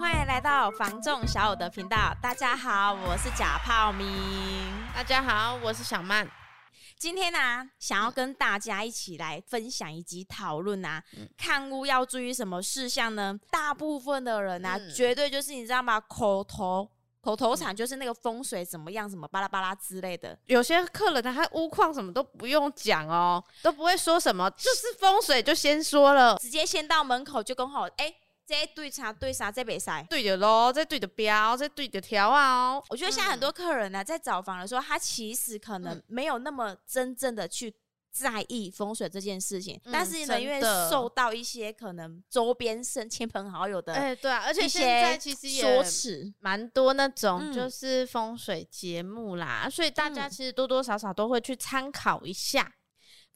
歡迎來到房仲小武的頻道。大家好，我是假泡明。大家好，我是小曼。今天呢、啊，想要跟大家一起來分享以及討論吶，嗯、看屋要注意什麼事項呢？大部分的人呢、啊，嗯、絕對就是你知道嗎？口頭口頭禪就是那個風水怎麼樣，什麼巴拉巴拉之類的。有些客人呢，他屋況，什麼都不用講哦，都不會說什麼，就是風水就先說了，直接先到門口就跟我說。欸在對，對啥對啥在比啥，對的咯在對的標，在對的條啊、哦！我覺得現在很多客人呢、啊，嗯、在找房的時候，他其實可能沒有那麼真正的去在意風水這件事情，嗯、但是呢，因為受到一些可能周邊生親朋好友的，對啊，而且現在其實也蠻多那種就是風水節目啦，嗯、所以大家其實多多少少都會去參考一下。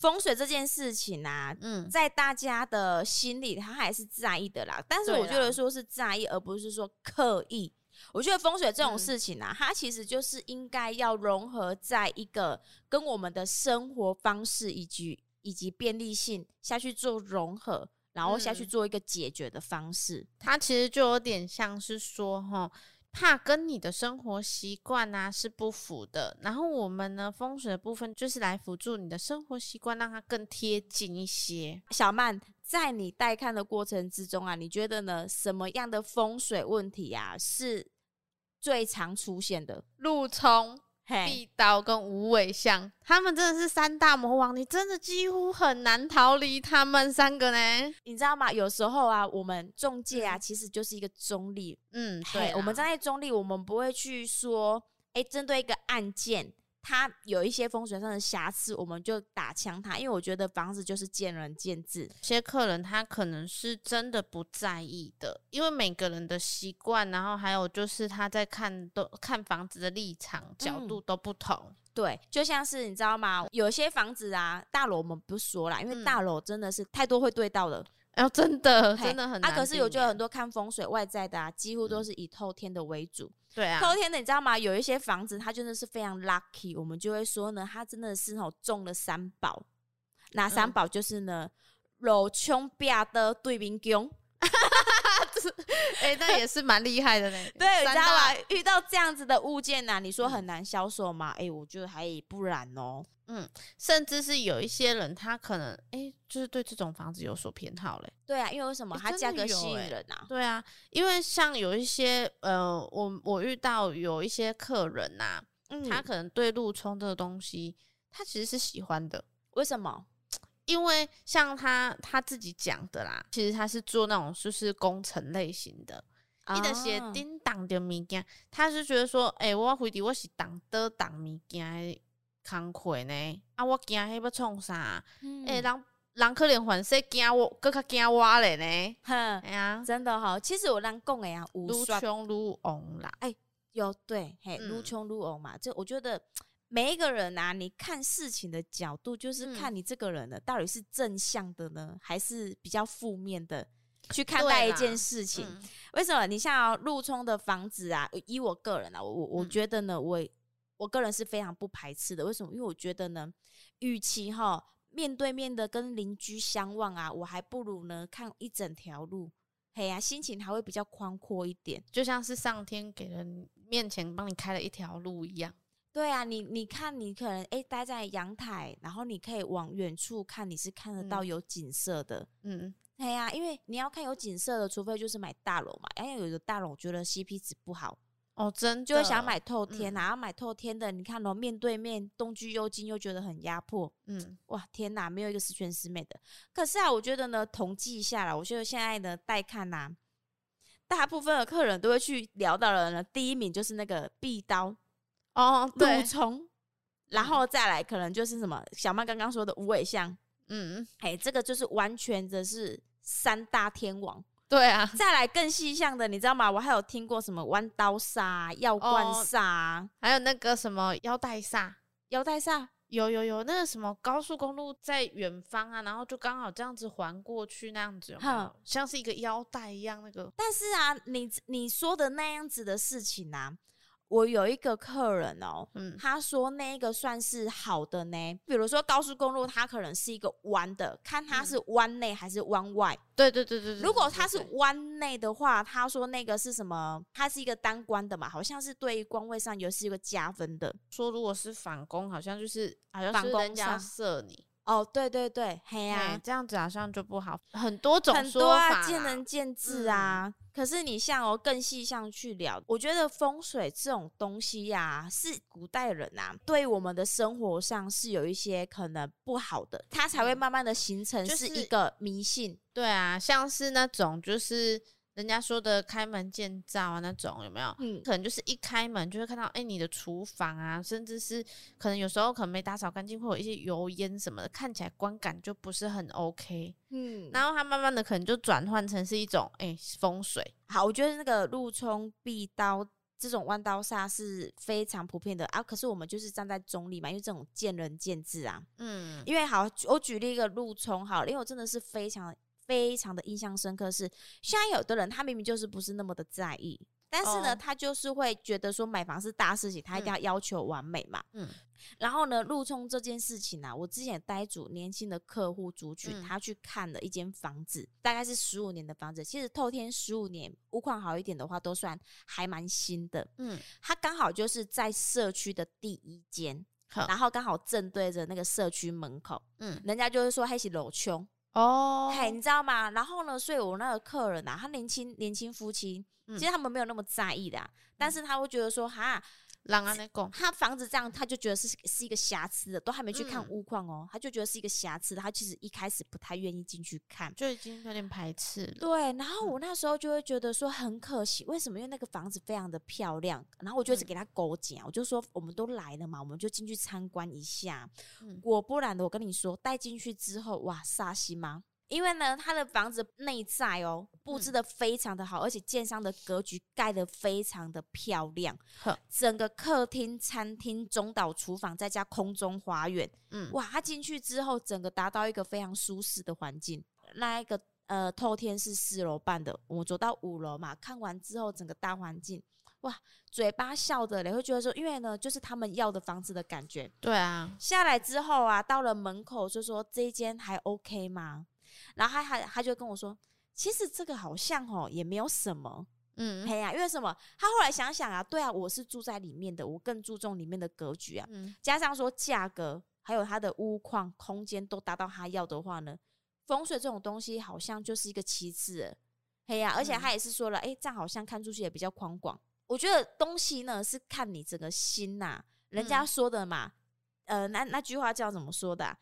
風水這件事情啊，嗯，在大家的心裡，他還是在意的啦。但是我覺得說是在意，而不是說刻意。啦我覺得風水這種事情啊，嗯，它其實就是應該要融合在一個跟我們的生活方式以及以及便利性下去做融合，然後下去做一個解決的方式。嗯，它其實就有點像是說哈。怕跟你的生活習慣啊是不符的，然後我們呢，風水的部分就是來輔助你的生活習慣，讓它更貼近一些。小曼，在你帶看的過程之中啊，你覺得呢，什麼樣的風水問題啊是最常出現的？路衝。壁刀 Hey, 跟無尾巷，他們真的是三大魔王，你真的幾乎很難逃離他們三個呢。你知道嗎？有時候啊，我們中介啊，嗯、其實就是一個中立，嗯，對、啊，對啊、我們站在中立，我們不會去說，哎，針對一個案件。他有一些風水上的瑕疵，我們就打槍他，因為我覺得房子就是見仁見智。有些客人他可能是真的不在意的，因為每個人的習慣，然後還有就是他在看都看房子的立場角度都不同。嗯，對，就像是你知道嗎？有些房子啊，大樓我們不說啦，因為大樓真的是太多會對到的。嗯然後、哦、真的，okay，真的很啊！可是有，就很多看風水外在的啊，幾乎都是以透天的為主。嗯、對啊，透天的你知道嗎？有一些房子它真的是非常 lucky，我們就會說呢，它真的是種中了三寶。那三寶就是呢，老窮亞的對民哈。 誒、 欸，那也是蠻厲害的嘞。那個、對，大你知道吧？遇到這樣子的物件吶、啊，你說很難銷售嘛？誒、嗯，欸，我覺得還不然哦、喔。嗯，甚至是有一些人，他可能哎、欸，就是對這種房子有所偏好嘞。對啊，因為為什麼？它價格吸引人吶、啊，欸欸。對啊，因為像有一些呃，我我遇到有一些客人吶、啊，嗯、他可能對路沖這個東西，他其實是喜歡的。為什麼？因為像他他自己講的啦，其實他是做那種就是，是工程類型的。一直寫叮當的物件，他是覺得說，誒、欸，我回的我是當的當物件工課呢，啊，我驚迄要創啥？誒、嗯欸，人人可能凡說驚我，擱較驚我咧呢。哼呵，哎啊，真的吼、哦。其實我人有人講誒啊，愈沖愈旺啦，誒、欸，有對嘿，愈沖愈旺嘛，這我覺得。每一個人吶、啊，你看事情的角度，就是看你這個人呢，嗯、到底是正向的呢，還是比較負面的去看待一件事情？嗯、為什麼？你像路、哦、沖的房子啊，依我個人啊，我我覺得呢，我我個人是非常不排斥的。為什麼？因為我覺得呢，與其哈面對面的跟鄰居相望啊，我還不如呢看一整條路，嘿呀、啊，心情還會比較寬闊一點，就像是上天給了你面前幫你開了一條路一樣。對啊，你你看，你可能哎，待在陽台，然後你可以往遠處看，你是看得到有景色的。嗯，嗯對啊，因為你要看有景色的，除非就是買大樓嘛。哎，有的大樓我覺得 C P 值不好哦，真的就會想買透天，嗯、然後買透天的，你看哦，面對面，棟距又近又覺得很壓迫。嗯，哇，天哪，沒有一個十全十美的。可是啊，我覺得呢，統計一下了，我覺得現在呢，帶看吶、啊，大部分的客人都會去聊到了呢，第一名就是那個壁刀。哦，對從，然後再來，可能就是什麼小曼剛剛說的無尾巷，嗯，哎，這個就是完全的是三大天王，對啊，再來更細項的，你知道嗎？我還有聽過什麼彎刀煞、藥罐煞，還有那個什麼腰帶煞。腰帶煞？有有有，那個什麼高速公路在遠方啊，然後就剛好這樣子環過去那樣子，有有好，像是一個腰帶一樣那個。但是啊，你你說的那樣子的事情啊。我有一個客人哦、喔，嗯、他說那個算是好的呢。比如說高速公路，它可能是一個彎的，看它是彎內還是彎外。對對對對對。如果它是彎內的話，他說那個是什麼？它是一個單關的嘛，好像是對於官位上也是一個加分的。說如果是反攻，好像就是好像、啊就是、是，是人家射你。哦，oh, 對對對，嘿呀、啊嗯，這樣子好像就不好，很多種說法很多、啊，見仁見智啊。嗯、可是你像哦，更細項去聊，我覺得風水這種東西呀、啊，是古代人啊，對我們的生活上是有一些可能不好的，嗯、它才會慢慢的形成是一個迷信。就是、對啊，像是那種就是。人家說的開門見灶啊，那種有沒有？嗯，可能就是一開門就會看到，哎、欸，你的廚房啊，甚至是可能有時候可能沒打掃乾淨，會有一些油煙什麼的，看起來觀感就不是很 OK。嗯，然後它慢慢的可能就轉換成是一種，哎、欸，風水。好，我覺得那個路沖、壁刀這種彎刀煞是非常普遍的啊。可是我們就是站在中立嘛，因為這種見仁見智啊。嗯，因為好，我舉例一個路沖，好了，因為我真的是非常。非常的印象深刻是，現在有的人他明明就是不是那麼的在意，但是呢，oh. 他就是會覺得說，買房是大事情，他一定要要求完美嘛。嗯嗯、然後呢，路沖這件事情呢、啊，我之前帶一組年輕的客戶組去，嗯、他去看了一間房子，大概是十五年的房子，其實透天十五年屋況好一點的話，都算還蠻新的。嗯，他剛好就是在社區的第一間，好然後剛好正對着那個社區門口。嗯，人家就是說還起樓窮。哦，嗨，oh，hey, 你知道嗎？然後呢，所以我那個客人啊，他年輕年輕夫妻，其實他們沒有那麼在意的，啊，嗯、但是他會覺得說，哈。狼啊，那狗，他房子這樣，他就覺得是是一個瑕疵的，都還沒去看屋況哦、喔，嗯、他就覺得是一個瑕疵，他其實一開始不太願意進去看，就已經有點排斥了。對，然後我那時候就會覺得說很可惜，嗯、為什麼？因為那個房子非常的漂亮，然後我就一直給他勾結，嗯、我就說我們都來了嘛，我們就進去參觀一下。嗯，果不然的，我跟你說，帶進去之後，哇，啥西嗎？因為呢，他的房子內在哦佈置的非常的好，嗯、而且建商的格局蓋的非常的漂亮，呵整個客廳、餐廳、中島、廚房，再加空中花園，嗯，哇，他進去之後，整個達到一個非常舒適的環境。那一個呃，透天是四樓半的，我走到五樓嘛，看完之後，整個大環境，哇，嘴巴笑的，你會覺得說，因為呢，就是他們要的房子的感覺。對啊，下來之後啊，到了門口就說：“這一間還 OK 嗎？”然後他他，他就跟我說，其實這個好像哦也沒有什麼，嗯，嘿呀、啊，因為什麼？他後來想想啊，對啊，我是住在裡面的，我更注重裡面的格局啊。嗯、加上說價格，還有它的屋況、空間都達到他要的話呢，風水這種東西好像就是一個其次，嗯、嘿呀、啊，而且他也是說了，哎、欸，這樣好像看出去也比較寬廣。我覺得東西呢是看你整個心吶、啊，人家說的嘛，嗯、呃，那那句話叫怎麼說的、啊？“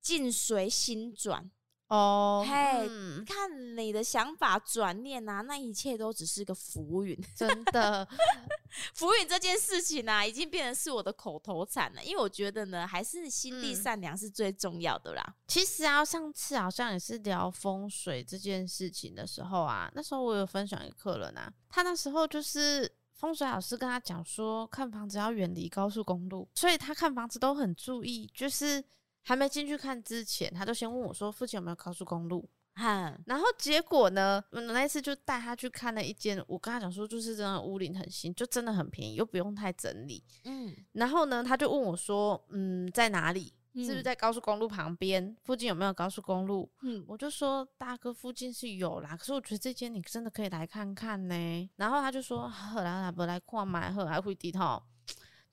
境隨心轉。”哦，嘿，看你的想法轉念吶、啊，那一切都只是個浮雲，真的 浮雲這件事情啊，已經變成是我的口頭禪了。因為我覺得呢，還是心地善良是最重要的啦、嗯。其實啊，上次好像也是聊風水這件事情的時候啊，那時候我有分享給客人啊，他那時候就是風水老師跟他講說，看房子要遠離高速公路，所以他看房子都很注意，就是。還沒進去看之前，他就先問我說：“附近有沒有高速公路？”哈、嗯，然後結果呢，我那一次就帶他去看了一間，我跟他講說，就是真的屋頂很新，就真的很便宜，又不用太整理。嗯，然後呢，他就問我說：“嗯，在哪裡？是不是在高速公路旁邊？附近有沒有高速公路？”嗯，我就說：“大哥，附近是有啦，可是我覺得這間你真的可以來看看呢。”然後他就說：“嗯、好啦，來來逛買，好買還會低頭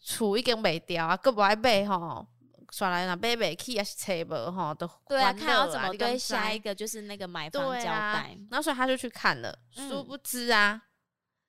儲一根沒雕啊，更不愛背哈。”算賴 b a b y k 是 table，啊、對啊，看要怎麼跟下一個就是那個買方交代。然後、啊、所以他就去看了，殊不知啊，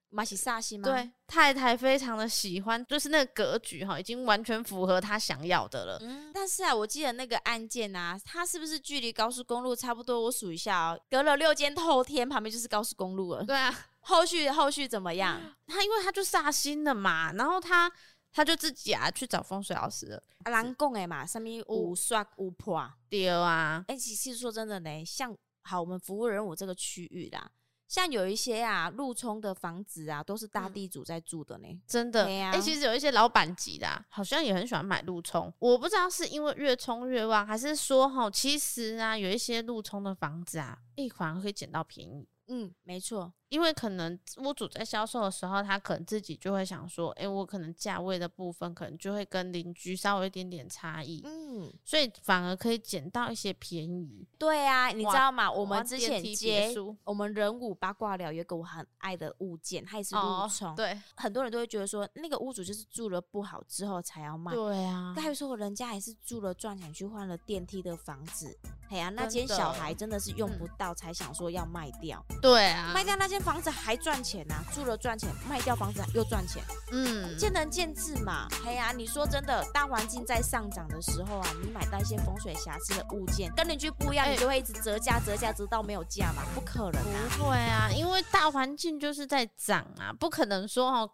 買是煞心嘛。對，太太非常的喜歡，就是那個格局哈，已經完全符合他想要的了。嗯。但是啊，我記得那個案件啊，他是不是距離高速公路差不多？我數一下哦，隔了六間透天，旁邊就是高速公路了。對啊。後續後續怎麼樣？他、啊、因為他就煞心了嘛，然後他。他就自己啊去找風水老師了。啊，人家講的嘛，什麼五刷五破？對啊，誒、欸，其實說真的呢，像好我們服務仁武這個區域啦，像有一些啊路衝的房子啊，都是大地主在住的呢、嗯。真的。誒、啊欸，其實有一些老闆級的、啊，好像也很喜歡買路衝。我不知道是因為越衝越旺，還是說哈，其實啊有一些路衝的房子啊，一款可以撿到便宜。嗯，沒錯。因為可能屋主在銷售的時候，他可能自己就會想說，哎，我可能價位的部分可能就會跟鄰居稍微一點點差異，嗯，所以反而可以撿到一些便宜。對啊，你知道嗎？我，我們之前接，我們，接，觸接我們仁武八卦了一個我很愛的物件，它也是路沖，哦，對，很多人都會覺得說那個屋主就是住了不好之後才要賣，對啊，該說人家還是住了賺錢去換了電梯的房子，哎呀，啊，那間小孩真的是用不到的、嗯，才想說要賣掉，對啊，賣掉那間。房子還賺錢吶、啊，住了賺錢，賣掉房子又賺錢。嗯，見仁見智嘛。嘿呀、啊，你說真的，大環境在上漲的時候啊，你買到一些風水瑕疵的物件，跟你去不一樣，你就會一直折價、欸、折價，直到沒有價嘛？不可能啊！不會啊，因為大環境就是在漲啊，不可能說哦。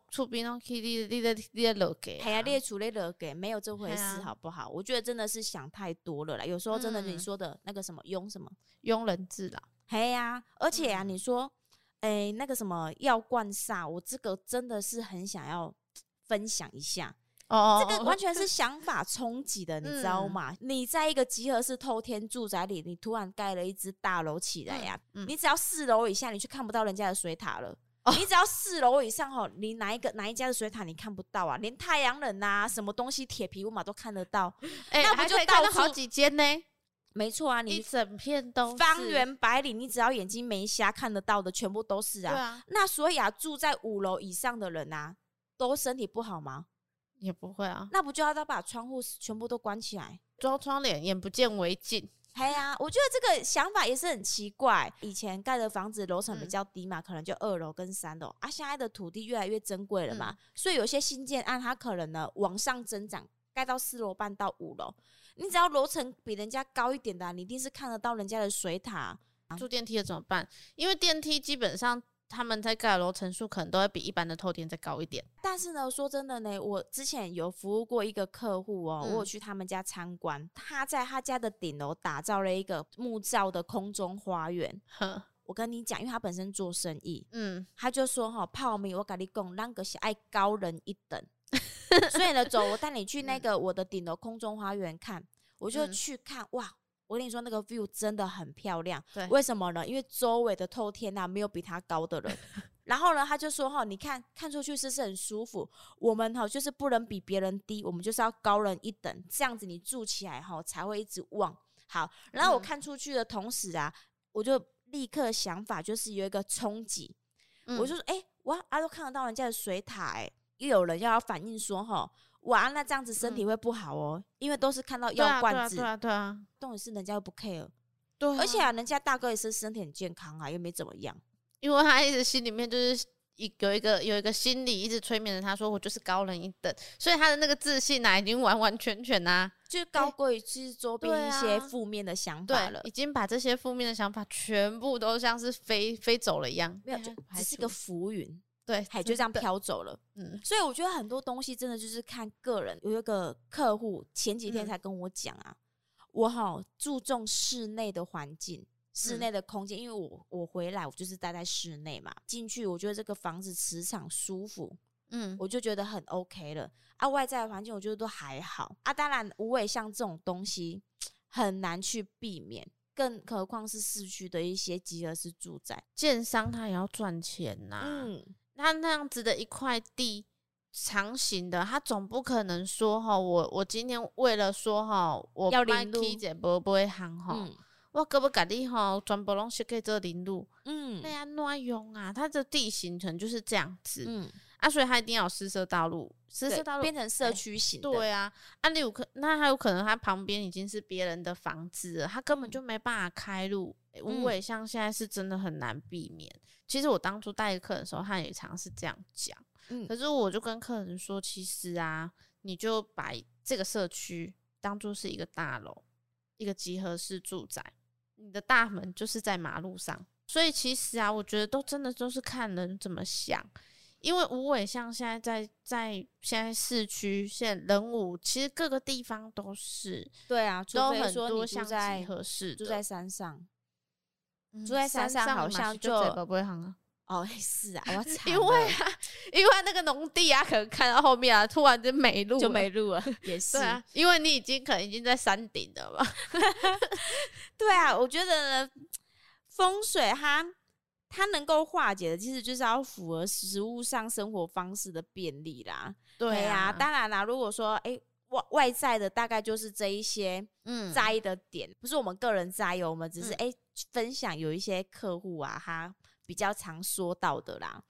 哎呀，列出來了給，沒有這回事，好不好？啊、我覺得真的是想太多了啦。有時候真的，你說的那個什麼、嗯、庸什麼庸人自擾。哎呀、啊，而且啊你說。哎、欸，那個什麼藥罐煞，我這個真的是很想要分享一下哦，哦。哦哦、這個完全是想法衝擊的，哦哦哦哦哦，你知道嗎？嗯、你在一個集合式透天住宅裡，你突然蓋了一只大樓起來呀、啊，嗯嗯，你只要四樓以下，你就看不到人家的水塔了。哦、你只要四樓以上吼，你哪一個哪一家的水塔你看不到啊？連太陽能吶、什麼東西、鐵皮屋嘛都看得到。哎、欸，那不就到了好幾間呢。沒錯啊，你一整片都方圓百里，你只要眼睛沒瞎，看得到的全部都是啊。對啊，那所以啊，住在五樓以上的人啊，都身體不好嗎？也不會啊，那不就要他把窗戶全部都關起來，裝窗簾，眼不見為淨。對、嗯、啊，我覺得這個想法也是很奇怪、欸。以前蓋的房子樓層比較低嘛，嗯、可能就二樓跟三樓啊。現在的土地越來越珍貴了嘛，嗯、所以有些新建案，它可能呢往上增長，蓋到四樓半到五樓。你只要樓層比人家高一點的、啊，你一定是看得到人家的水塔、啊。住電梯的怎麼辦？因為電梯基本上他們在蓋樓層數可能都會比一般的透天再高一點。但是呢，說真的呢，我之前有服務過一個客戶哦、喔，我有去他們家參觀，嗯、他在他家的頂樓打造了一個木造的空中花園。呵我跟你講，因為他本身做生意，嗯，他就說哈、喔，泡麵我跟你講，那個是愛高人一等。 所以呢，走，我帶你去那個我的頂樓空中花園看，嗯、我就去看哇！我跟你說，那個 view 真的很漂亮。對，為什麼呢？因為周圍的透天吶、啊、沒有比他高的人。 然後呢，他就說：“齁，你看看出去是是很舒服？我們齁就是不能比別人低，我們就是要高人一等。這樣子你住起來齁才會一直旺。”好，然後我看出去的同時啊，嗯、我就立刻想法就是有一個衝擊，嗯、我就說：“哎、欸，哇，啊，都看得到人家的水塔誒、欸。又有人要反映說哈，哇，那這樣子身體會不好哦、喔，嗯、因為都是看到藥罐子。對啊，對啊，對啊，對啊，東西是人家又不 care，對、啊，而且啊，人家大哥也是身體很健康啊，又沒怎麼樣，因為他一直心裡面就是一有一個有一個心理一直催眠着他說，我就是高人一等，所以他的那個自信啊，已經完完全全吶、啊，就高過其實周邊一些負面的想法了，啊、已經把這些負面的想法全部都像是飛飛走了一樣，沒有，就還是一個浮雲。對，海就這樣飄走了。嗯，所以我覺得很多東西真的就是看個人。有一個客戶前幾天才跟我講啊，嗯、我好、哦、注重室內的環境、嗯、室內的空間，因為我我回來我就是待在室內嘛，進去我覺得這個房子磁場舒服，嗯，我就覺得很 OK 了啊。外在的環境我覺得都還好啊。當然，無尾像這種東西很難去避免，更何況是市區的一些集合式住宅，建商他也要賺錢吶、啊。嗯。他那樣子的一塊地，長形的，他總不可能說哈，我我今天為了說哈，我要零路，不不會行吼，哈，我胳膊嘎你哈，全部攏砌這林路，嗯，哎呀，那安怎用啊？他的地形成就是這樣子。嗯啊、所以他一定要私設道路，私設對道路變成社區型、欸。對啊，案、啊、例有可，那還有可能他旁邊已經是別人的房子了，他根本就沒辦法開路。嗯欸、無尾巷現在是真的很難避免。嗯、其實我當初帶客人的時候，他也常是這樣講，嗯、可是我就跟客人說，其實啊，你就把這個社區當作是一個大樓，一個集合式住宅，你的大門就是在馬路上。所以其實啊，我覺得都真的都是看人怎麼想。因為仁武像現在在在現在市區，現在仁武其實各個地方都是對啊，說都很多。住在合適，住在山上，嗯、住在山上好像就不會哦，是啊，我因為啊，因為那個農地啊，可能看到後面啊，突然就沒路，就沒路了。也是，對啊、因為你已經可能已經在山頂了吧？ 對啊，我覺得風水哈。它能夠化解的，其實就是要符合食物上生活方式的便利啦。對呀、啊，對啊、當然啦，如果說哎、欸、外外在的，大概就是這一些嗯，在意的點，嗯、不是我們個人在意哦、喔、我們只是哎、嗯欸、分享有一些客戶啊，他比較常說到的啦。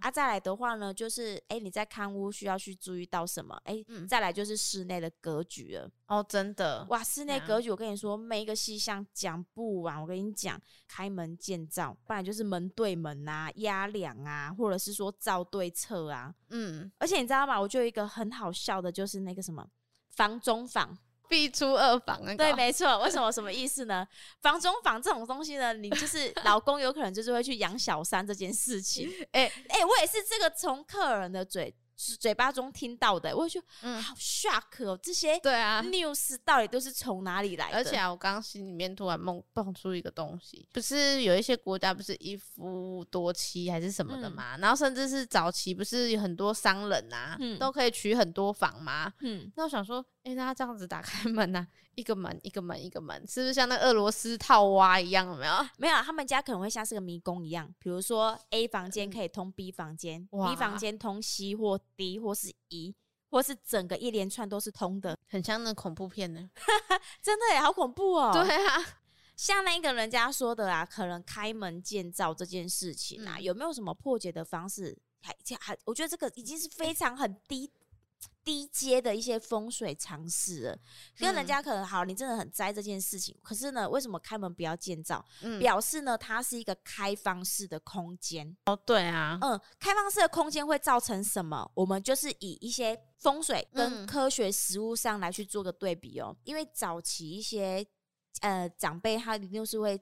啊，再來的話呢，就是哎、欸，你在看屋需要去注意到什麼？哎、欸，嗯、再來就是室內的格局了。哦，真的哇，室內格局、啊、我跟你說，每一個細項講不完。我跟你講，開門見灶，不然就是門對門啊，壓梁啊，或者是說灶對廁啊。嗯，而且你知道嗎？我就有一個很好笑的，就是那個什麼房中房。必出二房啊！那個、對，沒錯。為什麼？什麼意思呢？ 房中房這種東西呢，你就是 老公有可能就是會去養小三這件事情。哎哎、欸欸，我也是這個從客人的嘴嘴巴中聽到的、欸，我就、嗯、好 shock 哦、喔，這些對啊 news 到底都是從哪裡來的？而且、啊、我剛心裡面突然夢蹦出一個東西，不是有一些國家不是一夫多妻還是什麼的嘛？嗯、然後甚至是早期不是有很多商人啊，嗯、都可以娶很多房嗎？嗯，那我想說。因、欸、那他這樣子打開門吶、啊，一個門一個門一個門，是不是像那俄羅斯套娃一樣？有沒有沒有，他們家可能會像是個迷宮一樣，比如說 A 房間可以通 B 房間、嗯、B 房間通 C 或 D 或是 E，哇或是整個一連串都是通的，很像那恐怖片呢。 真的也好恐怖哦、喔。對啊，像那一個人家說的啊，可能開門見灶這件事情啊，嗯、有沒有什麼破解的方式？還還我覺得這個已經是非常很低。欸低階的一些風水常識了、嗯，因為人家可能好，你真的很栽這件事情。可是呢，為什麼開門不要見灶？嗯、表示呢，它是一個開放式的空間。哦，對啊，嗯，開放式的空間會造成什麼？我們就是以一些風水跟科學實物上來去做個對比哦。嗯、因為早期一些呃長輩，他一定是會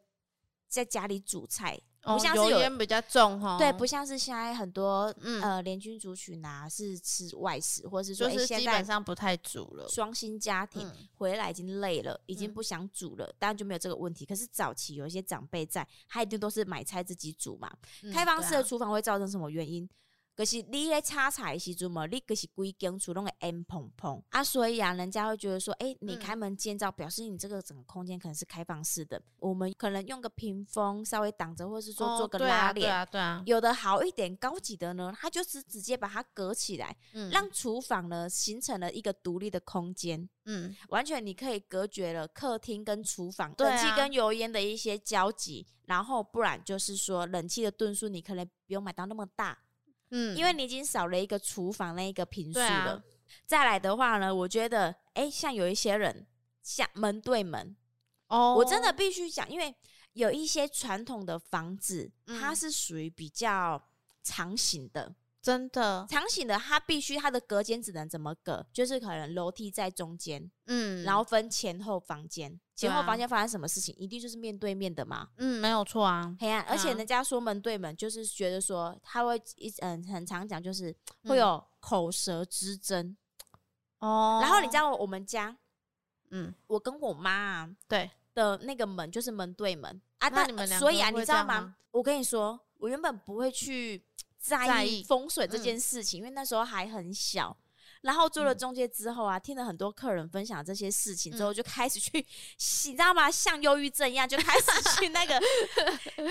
在家裡煮菜。不像是油煙比較重哈，對，不像是現在很多、嗯、呃聯軍族群啊是吃外食，或者是說就是、欸、現在基本上不太煮了。雙薪家庭、嗯、回來已經累了，已經不想煮了，嗯、當然就沒有這個問題。可是早期有一些長輩在，他一定都是買菜自己煮嘛。嗯、開放式的廚房會造成什麼原因？嗯可是你在炒菜的時候嘛，你可是整間房子都會煙蓬蓬啊！所以啊，人家會覺得說，誒、欸，你開門見灶，嗯、表示，你這個整個空間可能是開放式的。我們可能用個屏風稍微擋着，或是說做個拉鏈、哦啊啊啊、有的好一點、高級的呢，它就是直接把它隔起來，嗯、讓廚房呢形成了一個獨立的空間。嗯，完全你可以隔絕了客廳跟廚房、啊、冷氣跟油煙的一些交集，然後不然就是說冷氣的噸數你可能不用買到那麼大。嗯，因為你已經少了一個廚房那一個坪數了，啊。再來的話呢，我覺得，哎、欸，像有一些人，像門對門，哦，我真的必須講，因為有一些傳統的房子，它是屬於比較長型的。嗯真的，長型的，它必須它的隔間只能怎麼隔？就是可能樓梯在中間，嗯，然後分前後房間，前後房間發生什麼事情，一定就是面對面的嘛，嗯，沒有錯啊。黑暗，而且人家說門對門，就是覺得說他會一直嗯，很常講就是會有口舌之爭，哦。然後你知道我們家，嗯，我跟我媽啊，對的那個門就是門對門啊，那你們所以啊，你知道嗎？我跟你說，我原本不會去。在意風水這件事情，嗯、因為那時候還很小。然後做了中介之後啊，嗯、聽了很多客人分享這些事情之後，就開始去，嗯、你知道嗎？像憂鬱症一樣，就開始去那個，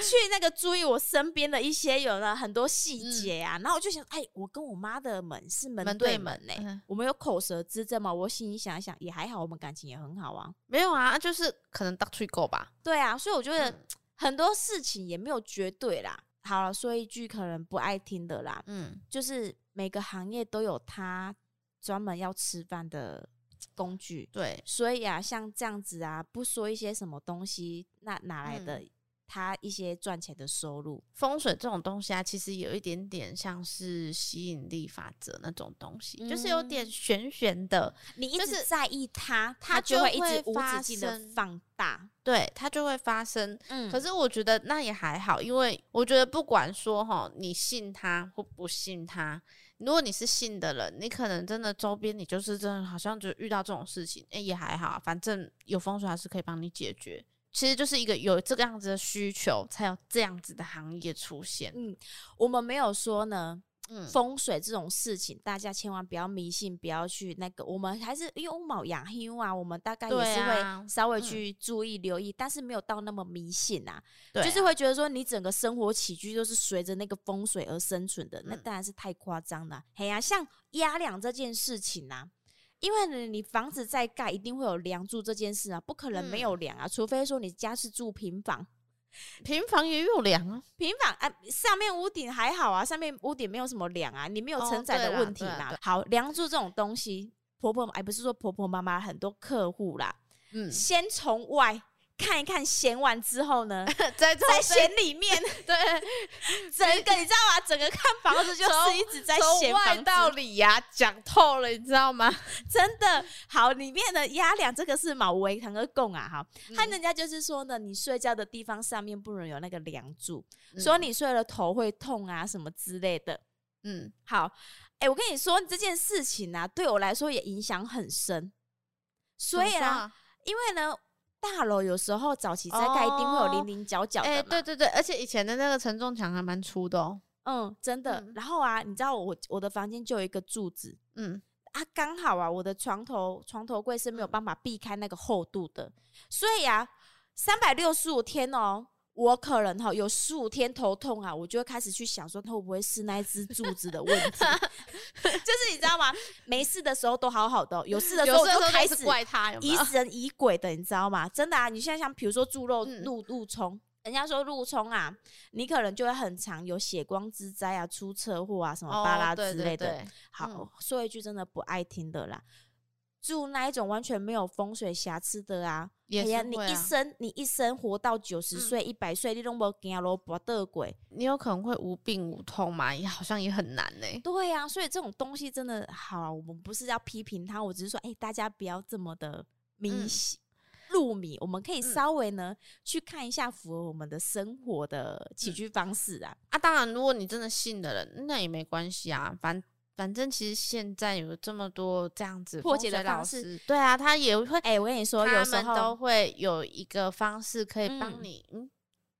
去那個注意我身邊的一些有了很多細節啊。嗯、然後我就想，哎、欸，我跟我媽的門是門對門嘞，我們有口舌之爭嘛。我心裡想一想，也還好，我們感情也很好啊。沒有啊，就是可能打趣夠吧。對啊，所以我覺得很多事情也沒有絕對啦。好了，說一句可能不愛聽的啦，嗯，就是每個行業都有它專門要吃飯的工具，對，所以啊，像這樣子啊，不說一些什麼東西，那哪來的？嗯他一些賺錢的收入，風水這種東西啊，其實有一點點像是吸引力法則那種東西，嗯、就是有點玄玄的。你一直在意他，他、就是、就會一直無止境的放大，對，他就會發生。可是我覺得那也還好，因為我覺得不管說哈，你信他或不信他，如果你是信的人，你可能真的周邊你就是真的好像就遇到這種事情，欸、也還好，反正有風水還是可以幫你解決。其實就是一個有這個樣子的需求，才有這樣子的行業出現。嗯，我們沒有說呢，嗯、風水這種事情，大家千萬不要迷信，不要去那個。我們還是因為烏某養凶啊，我們大概也是會稍微、啊、稍微去注意、嗯、留意，但是沒有到那麼迷信啊。對啊，就是會覺得說，你整個生活起居都是隨着那個風水而生存的，那當然是太誇張了。嗯、嘿呀、啊，像壓樑這件事情啊。因為你房子在蓋，一定會有梁柱這件事啊，不可能沒有梁啊，嗯、除非說你家是住平房，平房也有梁啊，平房啊上面屋頂還好啊，上面屋頂沒有什麼梁啊，你沒有承載的問題嘛、啊。哦、好，梁柱這種東西，婆婆哎，欸、不是說婆婆媽媽很多客戶啦，嗯，先從外。看一看，閒完之後呢， 在這 在閒裡面，對， 對 整個你知道嗎？整個看房子就是一直在閒講道理呀，啊，講透了，你知道嗎？ 真的好，裡面的壓梁這個是毛圍堂的供啊，哈，他、嗯、人家就是說呢，你睡覺的地方上面不能有那個梁柱，嗯、說你睡了頭會痛啊，什麼之類的。嗯，好，誒、欸，我跟你說你這件事情啊，對我來說也影響很深，所以呢，啊、因為呢。大樓有時候早期在蓋、哦，一定會有零零角角的。欸、對對對，而且以前的那個承重牆還蠻粗的哦。嗯，真的。嗯、然後啊，你知道我我的房間就有一個柱子。嗯。啊，剛好啊，我的床頭床頭櫃是沒有辦法避開那個厚度的，所以啊，三百六十五天哦。我可能哈、喔、有十五天頭痛啊，我就會開始去想說，他會不會是那一只柱子的問題？ 就是你知道嗎？ 沒事的時候都好好的、喔，有， 有事的時候都開始怪他，疑神疑鬼的，你知道嗎？真的啊，你現在像比如說豬肉路路沖，嗯、人家說路沖啊，你可能就會很常有血光之災啊，出車禍啊什麼巴拉之類的。哦、好說一句真的不愛聽的啦。住那一種完全沒有風水瑕疵的啊，啊、哎！你一生你一生活到九十歲一百歲，你攏無羅鬼，你有可能會無病無痛嘛？也好像也很難呢、欸。對啊，所以這種東西真的好、啊，我們不是要批評他，我只是說，哎、欸，大家不要這麼的迷信、嗯、入迷。我們可以稍微呢、嗯、去看一下符合我們的生活的起居方式啊！嗯、啊，當然，如果你真的信的人，那也沒關係啊，反正。反正其實現在有這麼多這樣子破解的老師，對啊，他也會哎，我跟你說，有時候都會有一個方式可以幫你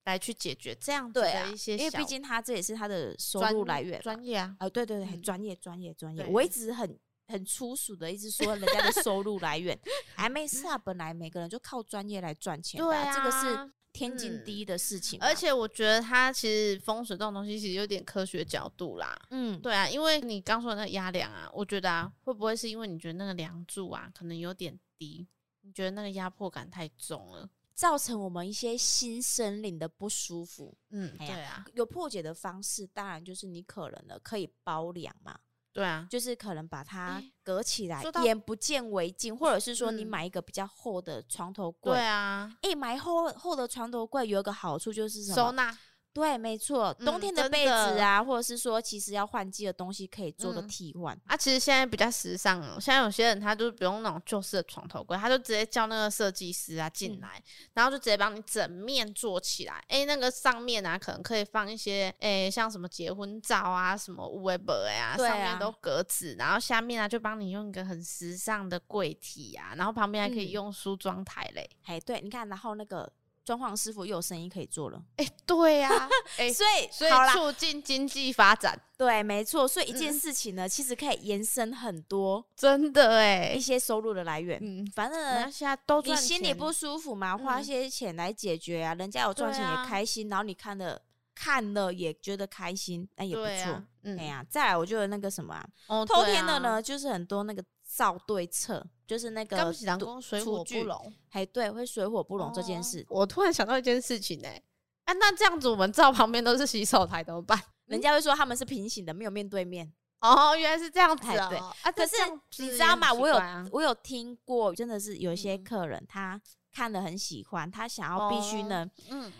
來去解決這樣子的一些事情，因為畢竟他這也是他的收入來源，專業啊，啊，對對對，很專業專業專業，我一直很很粗俗的一直說人家的收入來源，還沒事啊，本來每個人就靠專業來賺錢，對啊，這個是。天經地義的事情。嗯，而且我覺得它其實風水這種東西其實有點科學角度啦。嗯，對啊，因為你剛說的那個壓樑啊，我覺得啊，會不會是因為你覺得那個樑柱啊可能有點低，你覺得那個壓迫感太重了，造成我們一些心生理的不舒服？嗯，對啊，對啊，有破解的方式，當然就是你可能的可以包樑嘛。對啊，就是可能把它隔起來，眼不見為淨，或者是說你買一個比較厚的床頭櫃。對啊，哎，買厚厚的床頭櫃有一個好處就是什麼？收納、so。對，沒錯，冬天的被子啊，嗯、或者是說，其實要換季的東西可以做個替換、嗯、啊。其實現在比較時尚了，現在有些人他就是不用那種舊式的床頭櫃，他就直接叫那個設計師啊進來，嗯、然後就直接幫你整面做起來。誒、嗯欸，那個上面啊，可能可以放一些，誒、欸，像什麼結婚照啊，什麼 Weber 呀，啊啊、上面都格子，然後下面啊，就幫你用一個很時尚的櫃體呀，然後旁邊還可以用梳妝台嘞。誒、嗯，對，你看，然後那個。裝潢師傅又有生意可以做了，哎，對呀，所以所以促進經濟發展，對，沒錯。所以一件事情呢，其實可以延伸很多，真的哎，一些收入的來源，嗯，反正現在都賺。你心裡不舒服嘛，花些錢來解決啊。人家有賺錢也開心，然後你看了看了也覺得開心，那也不錯。哎呀，再來我覺得那個什麼啊，偷天的呢，就是很多那個。灶對廁，就是那個夫妻檔水火不容，欸對會水火不容這件事，哦。我突然想到一件事情哎，欸，啊，那這樣子我們灶旁邊都是洗手台怎麼辦？嗯、人家會說他們是平行的，沒有面對面。哦，原來是這樣子，哦、對啊！可是，啊、你知道嗎？我有我有聽過，真的是有一些客人，嗯、他看了很喜歡，他想要必須呢，哦，嗯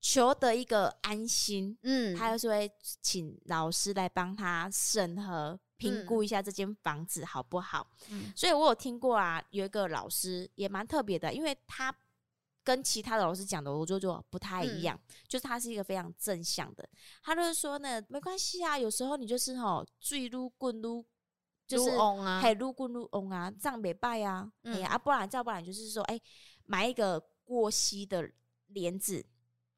求得一個安心，嗯，他就是會請老師來幫他審核。評估一下這間房子好不好？嗯、所以我有聽過啊，有一個老師也蠻特別的，因為他跟其他的老師講的，我就就不太一樣，嗯、就是他是一個非常正向的，他就是說呢，沒關係啊，有時候你就是吼最擼滾擼就是可以碌滾擼哦，啊，樣沒擺啊，啊嗯、哎呀，啊不然再不然就是說，哎，買一個過膝的簾子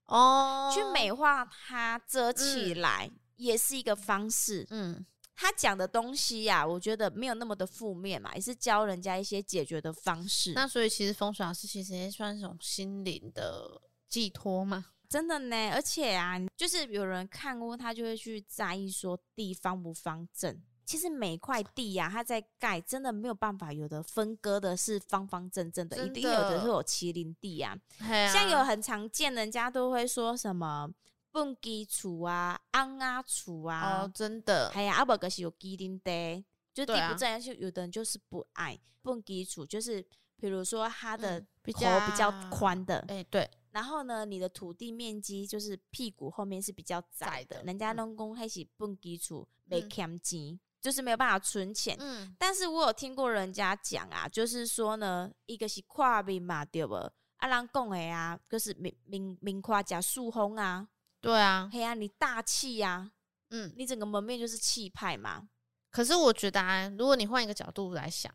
哦，去美化它，遮起來、嗯、也是一個方式，嗯。他講的東西呀、啊，我覺得沒有那麼的負面嘛，也是教人家一些解決的方式。那所以其實風水老師其實也算是一種心靈的寄托嘛，真的呢。而且啊，就是有人看過他就會去在意說地方不方正。其實每塊地呀、啊，它在蓋真的沒有辦法，有的分割的是方方正正的，的一定有的是有畸零地啊。啊像有很常見，人家都會說什麼。畚箕厝啊，安啊，處啊，哦，真的，哎呀、啊，阿、啊、是有畸零地，就地不正，就、啊、有的人就是不愛畚箕厝，就是比如說他的頭比較寬的，對、嗯，然後呢，你的土地面積就是屁股後面是比較窄的，人家攏講還是畚箕厝沒錢進，嗯、就是沒有辦法存錢。嗯、但是我有聽過人家講啊，就是說呢，一個是跨面嘛，對不？阿拉講的啊，就是明明明跨加樹紅啊。對啊，黑啊，你大氣呀、啊，嗯，你整個門面就是氣派嘛。可是我覺得、啊，如果你換一個角度來想，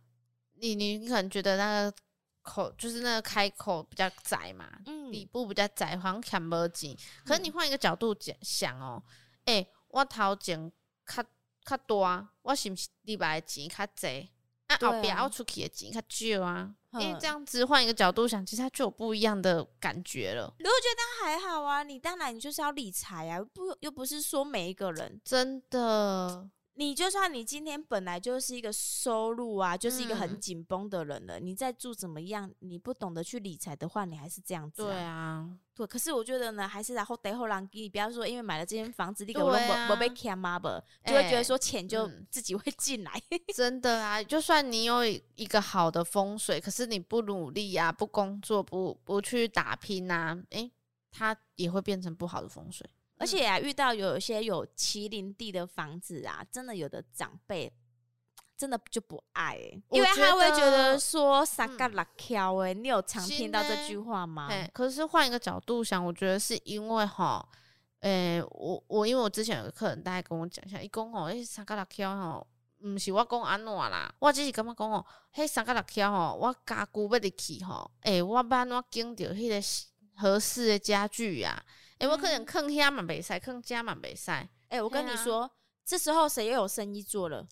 你你你可能覺得那個口就是那個開口比較窄嘛，嗯，底部比較窄，好像卡沒錢。可是你換一個角度想哦，哎、嗯欸，我頭前卡卡大，我是不是裡邊錢卡多？啊，不要、啊、出去也行，他就啊，嗯、因為這樣子換一個角度想，其實他就有不一樣的感覺了。如果覺得他還好啊，你當然你就是要理財啊，不又不是說每一個人真的。你就算你今天本來就是一個收入啊，就是一個很緊繃的人了，嗯、你在住怎麼樣？你不懂得去理財的話，你還是這樣子、啊。對啊，對。可是我覺得呢，還是然後背後讓你，不要說，因為買了這間房子，你給我、啊沒，沒沒被開罵吧，就會覺得說錢就自己會進來。欸、 真的啊，就算你有一個好的風水，可是你不努力啊，不工作，不不去打拼啊，誒、欸，它也會變成不好的風水。而且啊，遇到有一些有畸零地的房子啊，真的有的長輩真的就不愛、欸，因為他會覺得說三角六尖哎、欸，嗯、你有常聽到這句話嗎？是欸、可是換一個角度想，我覺得是因為吼，誒、欸，我我因為我之前有一個客人，大概跟我講一下，一講吼，誒，三角六尖吼，唔是我講安怎啦，我只是感覺講吼，嘿，三角六尖吼，我家具不的起吼，誒、欸，我欲安怎揀着迄個合適的家具呀、啊。哎、欸，我可能坑加滿北賽，坑加滿北賽。哎、欸，我跟你說，啊、這時候誰又有生意做了？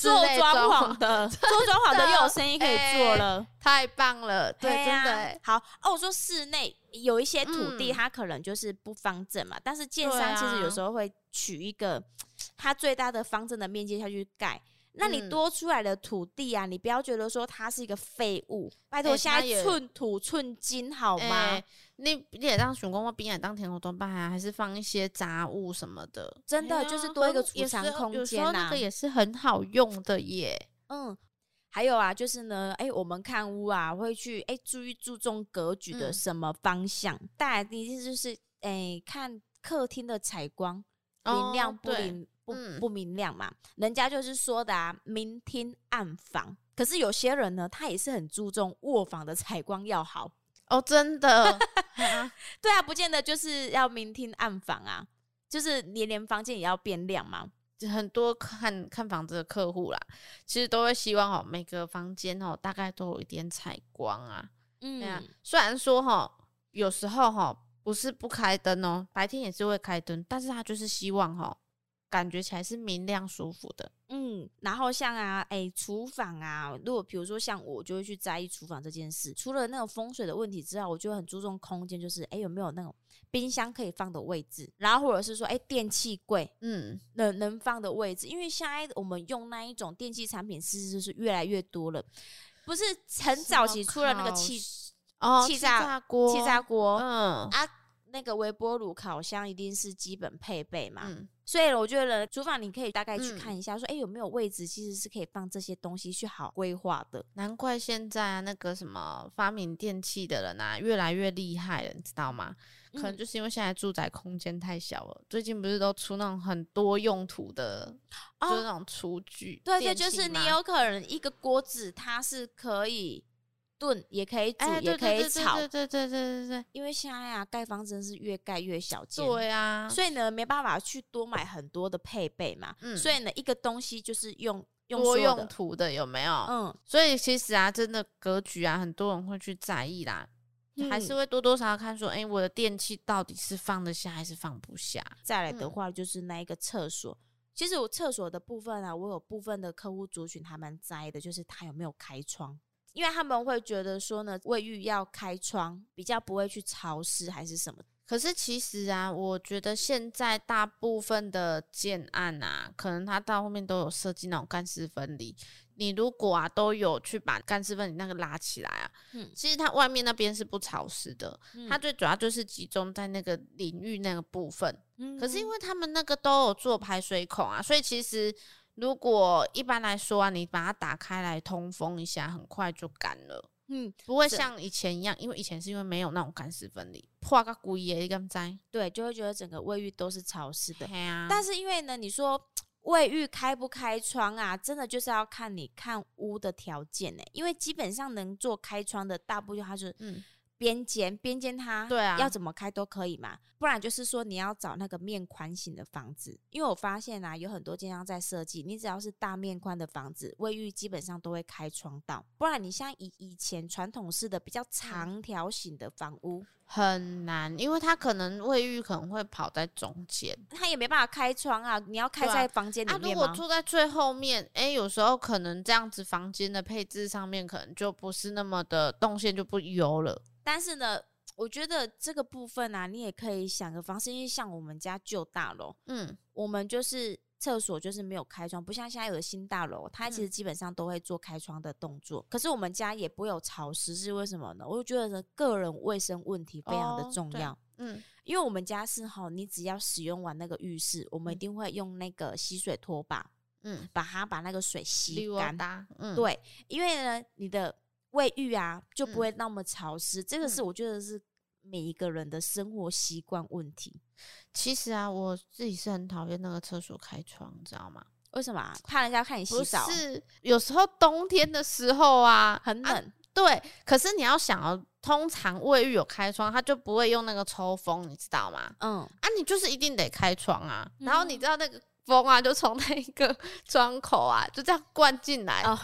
做裝潢的，做裝潢的又有生意可以做了，欸、太棒了！對，對啊、真的、欸、好哦、啊。我說室內有一些土地，嗯、它可能就是不方正嘛，但是建商其實有時候會取一個、啊、它最大的方正的面積下去蓋。那你多出來的土地啊，嗯、你不要覺得說它是一個廢物，拜託，現在寸土寸金，好嗎？欸欸、你你也讓熊公公、你眼當田螺桶、啊，把還還是放一些雜物什麼的，真的、欸啊、就是多一個儲藏空間啊，那個也是很好用的耶。嗯，還有啊，就是呢，誒、欸，我們看屋啊，會去誒、欸，注意注重格局的什麼方向？大第的意思就是誒、欸，看客廳的採光，明亮、哦、不靈。不不明亮嘛？嗯、人家就是說的啊，明廳暗房。可是有些人呢，他也是很注重臥房的採光要好哦。真的， 蛤對啊，不見得就是要明廳暗房啊，就是連連房間也要變亮嘛。很多看看房子的客戶啦，其實都會希望哦，每個房間哦，大概都有一點採光啊。嗯，對啊，雖然說哈，有時候哈，不是不開燈哦、喔，白天也是會開燈，但是他就是希望哈。感覺起來是明亮舒服的，嗯，然後像啊，哎、欸，廚房啊，如果比如說像我就會去在意廚房這件事。除了那種風水的問題之外，我就很注重空間，就是哎、欸、有沒有那種冰箱可以放的位置，然後或者是說哎、欸、電器櫃，嗯，能能放的位置，因為現在我們用那一種電器產品其實是越來越多了，不是很早期出了那個氣哦氣炸鍋氣炸鍋，嗯啊，那個微波爐烤箱一定是基本配備嘛。嗯所以我覺得，廚房你可以大概去看一下說，說哎、嗯、有沒有位置，其實是可以放這些東西去好規劃的。難怪現在那個什麼發明電器的人吶、啊，越來越厲害了，你知道嗎？可能就是因為現在住宅空間太小了。嗯、最近不是都出那種很多用途的，哦、就是那種廚具。對對，就是你有可能一個鍋子，它是可以。燉也可以煮，欸、也可以炒，對對對對對，對，對，對，因為現在啊，蓋房真的是越蓋越小間，對啊，所以呢，沒辦法去多買很多的配備嘛。嗯、所以呢，一個東西就是用，用多用途的有沒有？嗯，所以其實啊，真的格局啊，很多人會去在意啦，嗯、還是會多多少少看說，哎，我的電器到底是放得下還是放不下？嗯、再來的話，就是那一個廁所，其實我廁所的部分啊，我有部分的客戶族群他們在意的就是他有沒有開窗。因為他們會覺得說呢，衛浴要開窗，比較不會去潮濕還是什麼。可是其實啊，我覺得現在大部分的建案啊，可能它到後面都有設計那種乾濕分離。你如果啊都有去把乾濕分離那個拉起來啊，嗯，其實它外面那邊是不潮濕的。嗯，它最主要就是集中在那個淋浴那個部分。嗯哼，可是因為他們那個都有做排水孔啊，所以其實。如果一般來說啊，你把它打開來通風一下，很快就乾了。嗯，不會像以前一樣，是因為以前是因為沒有那種乾濕分離，破個鬼也這樣。在。對，就會覺得整個衛浴都是潮濕的。啊、但是因為呢，你說衛浴開不開窗啊？真的就是要看你看屋的條件呢、欸，因為基本上能做開窗的大部分它、就是嗯。邊間邊間，它，對啊，要怎麼開都可以嘛，不然就是說你要找那個面寬型的房子，因為我發現啊，有很多經常在設計，你只要是大面寬的房子，衛浴基本上都會開窗到，不然你像以以前傳統式的比較長條型的房屋很難，因為它可能衛浴可能會跑在中間，它也沒辦法開窗啊，你要開在房間裡面嗎？對啊，啊，如果住在最後面，哎，欸，有時候可能這樣子房間的配置上面可能就不是那麼的動線就不優了。但是呢，我覺得這個部分呢、啊，你也可以想個方式，因為像我們家舊大樓，嗯，我們就是廁所就是沒有開窗，不像現在有的新大樓，它其實基本上都會做開窗的動作。嗯、可是我們家也不有潮濕，是為什麼呢？我覺得呢，個人衛生問題非常的重要，哦、嗯，因為我們家是好、哦、你只要使用完那個浴室，我們一定會用那個吸水拖把，嗯，把它把那個水吸乾，嗯、對，因為呢，你的。衛浴啊，就不會那麼潮濕。嗯、這個是我覺得是每一個人的生活習慣問題、嗯。其實啊，我自己是很討厭那個廁所開窗，你知道嗎？為什麼？怕人家看你洗澡。是有時候冬天的時候啊，很冷。啊、對，可是你要想要，通常衛浴有開窗，他就不會用那個抽風，你知道嗎？嗯啊，你就是一定得開窗啊。然後你知道那個。風啊，就從那個窗口，啊，就這樣灌進來哦，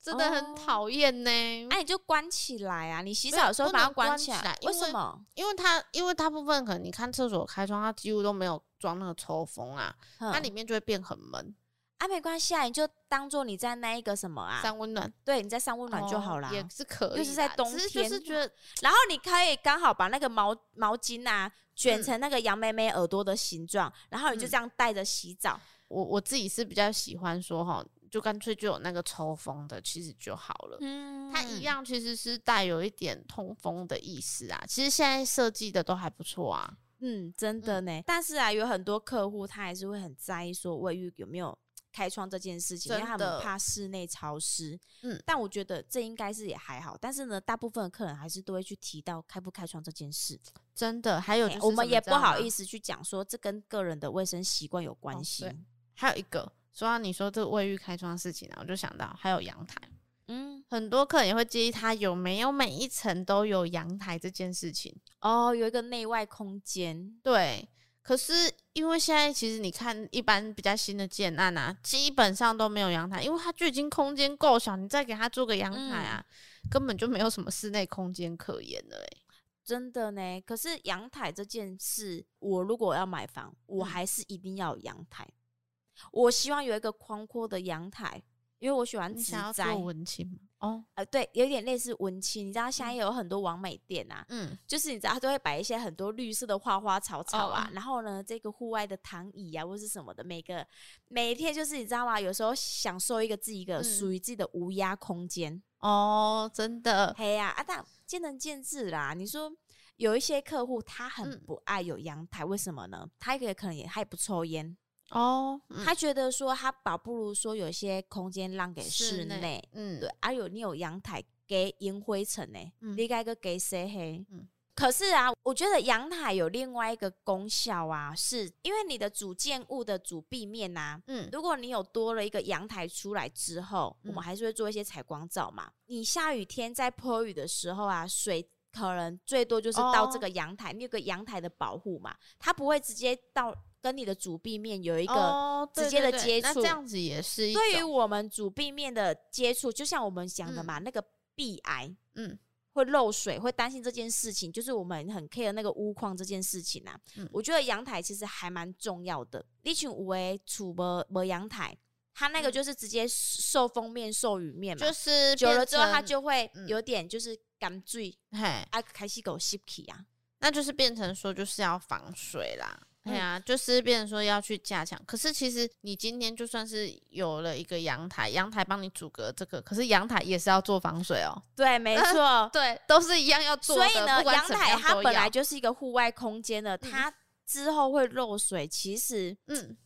真的很討厭呢。那、oh. 啊、你就關起來啊！你洗澡的時候把它關起來，起來為，為什麼？因為它，因為大部分可能你看廁所開窗，它幾乎都沒有裝那個抽風啊，它、嗯、裡面就會變很悶。啊，沒關係啊，你就當做你在那一個什麼啊，上溫暖，對，你在上溫暖就好了，哦，也是可以，就是在冬天，是就是覺得，然後你可以剛好把那個毛毛巾啊捲成那個羊咩咩耳朵的形狀，嗯、然後你就這樣戴着洗澡。嗯、我我自己是比較喜歡說哈，就乾脆就有那個抽風的，其實就好了，嗯，它一樣其實是帶有一點通風的意思啊。其實現在設計的都還不錯啊，嗯，真的呢。嗯、但是啊，有很多客戶他還是會很在意說衛浴有沒有。開窗這件事情，的因為他們怕室內潮濕。嗯，但我覺得這應該是也還好。但是呢，大部分的客人還是都會去提到開不開窗這件事。真的，還有、欸、我們也不好意思去講說這跟個人的衛生習慣有關係、哦。還有一個，說到你說這衛浴開窗的事情呢、啊，我就想到還有陽台。嗯，很多客人也會介意他有沒有每一層都有陽台這件事情。哦，有一個內外空間，對。可是因為現在其實你看，一般比較新的建案啊，基本上都沒有陽台，因為它就已經空間夠小，你再給它做個陽台啊，嗯、根本就沒有什麼室內空間可言了，欸，真的呢。可是陽台這件事，我如果要買房，我還是一定要有陽台，嗯，我希望有一個寬闊的陽台。因為我喜歡植栽，做文青哦，oh. 呃，對，有點類似文青，你知道現在有很多網美店啊，嗯，就是你知道都會擺一些很多綠色的花花草草啊，oh, um、然後呢，這個戶外的躺椅啊，或者是什麼的，每個每一天，就是你知道嗎？有時候享受一個自己的屬於自己的無壓空間哦，嗯 oh, 真的，哎呀、啊，啊，但見仁見智啦。你說有一些客戶他很不愛有陽台，嗯、為什麼呢？他也可能也他也不抽菸。哦，嗯、他覺得說他保不如說有些空間讓給室內、欸，嗯，對，還、哎、有你有陽台給引灰塵呢、欸，嗯、你該個給誰黑。嗯，可是啊，我覺得陽台有另外一個功效啊，是因為你的主建物的主壁面吶、啊，嗯，如果你有多了一個陽台出來之後，嗯、我們還是會做一些採光罩嘛。嗯、你下雨天在潑雨的時候啊，水可能最多就是到這個陽台，哦、你有個陽台的保護嘛，它不會直接到，跟你的主壁面有一個直接的接觸，那這樣子也是對於我們主壁面的接觸，就像我們講的嘛，那個壁癌，嗯，會漏水，會擔心這件事情，就是我們很 care 那個屋況這件事情啊。我覺得陽台其實還蠻重要的，你像有的房子沒陽台，它那個就是直接受風面、受雨面嘛，就是久了之後它就會有點就是感罪，哎，開始搞濕氣啊，那就是變成說就是要防水啦。對啊，就是變成說要去加強，可是其實你今天就算是有了一個陽台，陽台幫你阻隔這個，可是陽台也是要做防水哦、喔。對，沒錯， 對，都是一樣要做的。所以呢，陽不管 台它本來就是一個戶外空間的，嗯、它之後會漏水，其實嗯。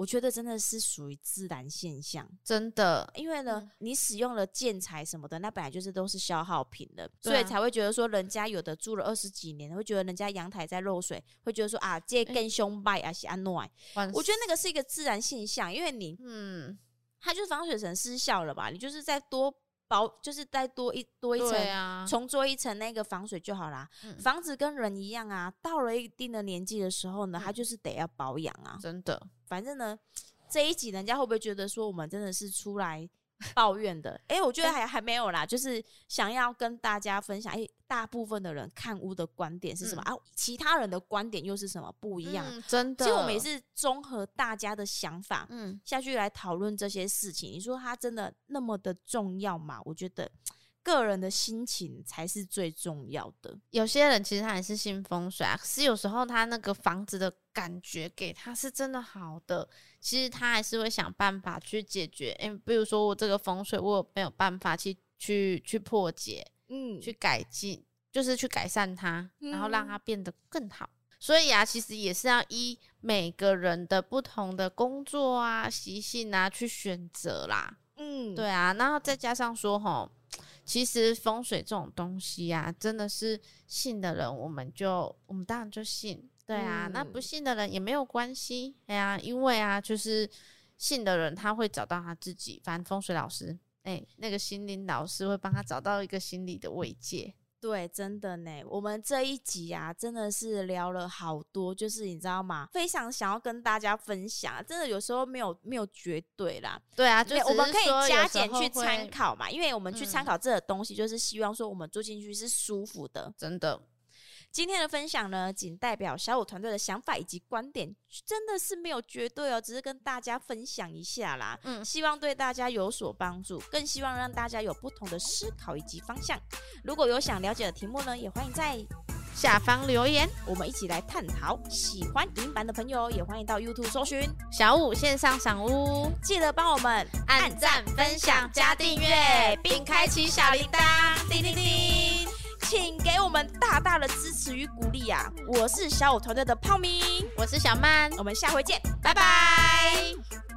我覺得真的是屬於自然現象，真的，因為呢，嗯、你使用了建材什麼的，那本來就是都是消耗品的，啊、所以才會覺得說，人家有的住了二十幾年，會覺得人家陽台在漏水，會覺得說啊，這更凶敗啊是 annoy 我覺得那個是一個自然現象，因為你，嗯，它就是防水層失效了吧？你就是在多。保就是再多一多一層，啊、重做一層那個防水就好啦。嗯、房子跟人一樣啊，到了一定的年紀的時候呢，它、嗯、就是得要保養啊。真的，反正呢，這一集人家會不會覺得說我們真的是出來？抱怨的，哎、欸，我覺得還還沒有啦，對就是想要跟大家分享，哎、欸，大部分的人看屋的觀點是什麼、嗯、啊？其他人的觀點又是什麼不一樣？嗯、真的，其實我們也是綜合大家的想法，嗯，下去來討論這些事情。你說它真的那麼的重要嗎？我覺得。個人的心情才是最重要的。有些人其實他還是信風水啊，可是有時候他那個房子的感覺給他是真的好的，其實他還是會想辦法去解決。嗯、欸，比如說我這個風水，我有沒有辦法去去去破解，嗯，去改進，就是去改善它，嗯、然後讓它變得更好。所以啊，其實也是要依每個人的不同的工作啊、習性啊去選擇啦。嗯，對啊，然後再加上說吼。其實風水這種東西呀、啊，真的是信的人，我們就我們當然就信，對啊。嗯、那不信的人也沒有關係，哎呀、啊，因為啊，就是信的人他會找到他自己，反正風水老師，哎、欸，那個心靈老師會幫他找到一個心理的慰藉。對，真的呢，我們這一集啊，真的是聊了好多，就是你知道嗎？非常想要跟大家分享，真的有時候沒有沒有絕對啦，對啊，就是我們可以加減去參考嘛，因為我們去參考這個東西，嗯、就是希望說我們住進去是舒服的，真的。今天的分享呢，僅代表小武團隊的想法以及觀點，真的是沒有絕對哦，只是跟大家分享一下啦。嗯，希望對大家有所幫助，更希望讓大家有不同的思考以及方向。如果有想了解的題目呢，也歡迎在下方留言，我們一起來探討。喜歡影版的朋友，也歡迎到 YouTube 搜尋小武線上賞屋。記得幫我們按讚、分享、加訂閱，並開啟小鈴鐺，叮叮叮。請給我們大大的支持與鼓勵啊！我是小武團隊的泡咪，我是小曼，我們下回見，拜拜。拜拜。